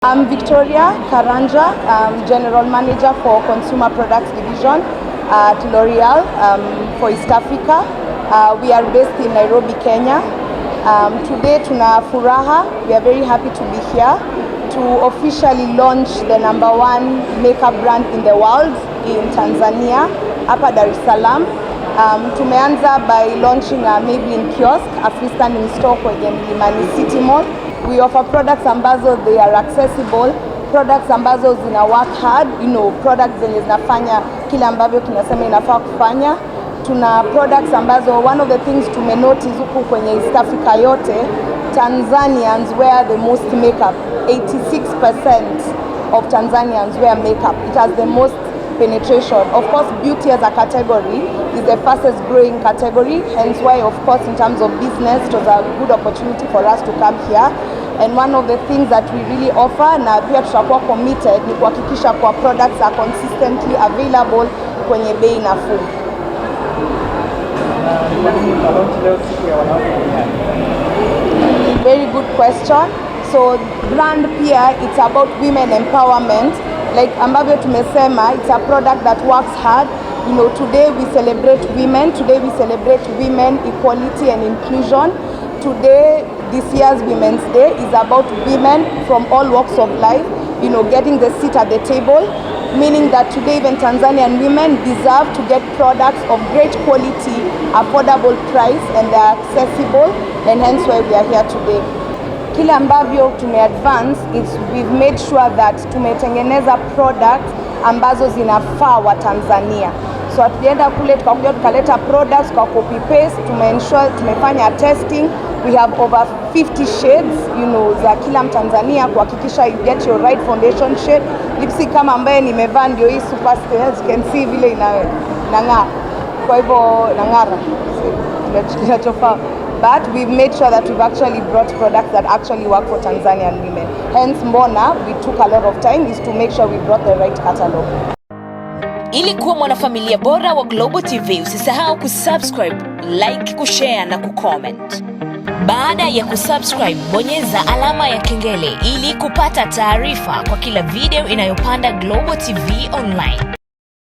I'm Victoria Karanja, um, General Manager for Consumer Products Division uh, at L'Oreal um, for East Africa. Uh, we are based in Nairobi, Kenya. Um, today tuna furaha, we are very happy to be here to officially launch the number one makeup brand in the world in Tanzania, hapa Dar es Salaam. Um, tumeanza by launching a uh, Maybelline kiosk, a freestanding store kwenye Mlimani City Mall we offer products ambazo they are accessible products ambazo zina work hard, you know, products zenye zinafanya kile ambavyo tunasema inafaa kufanya. Tuna products ambazo one of the things tume notice huku kwenye East Africa yote, Tanzanians wear the most makeup. 86% of Tanzanians wear makeup. It has the most penetration. Of course, beauty as a category is the fastest growing category, hence why of course in terms of business it was a good opportunity for us to come here and one of the things that we really offer na pia tutakuwa committed ni kuhakikisha kwa products are consistently available kwenye bei nafuu. Very good question. So brand pia it's about women empowerment like ambavyo tumesema it's a product that works hard you know today we celebrate women today we celebrate women equality and inclusion today this year's women's day is about women from all walks of life you know getting the seat at the table meaning that today even Tanzanian women deserve to get products of great quality affordable price and they are accessible and hence why we are here today kile ambavyo tumeadvance is we've made sure that tumetengeneza products ambazo zinafaa Tanzania. So hatujaenda kule tukakuja tukaleta products kwa copy paste. ensure tumefanya testing, we have over 50 shades you know, za kila Mtanzania kuhakikisha you get your right foundation shade. Lipstick kama ambaye nimevaa ndio hii super stay, as you can see vile inang'aa, kwa hivyo nang'ara kinachofaa but we've made sure that we've actually brought products that actually work for Tanzanian women. Hence Mbona, we took a lot of time is to make sure we brought the right catalog. Ili kuwa mwanafamilia bora wa Global TV, usisahau kusubscribe, like, kushare na kucomment. Baada ya kusubscribe, bonyeza alama ya kengele ili kupata taarifa kwa kila video inayopanda Global TV Online.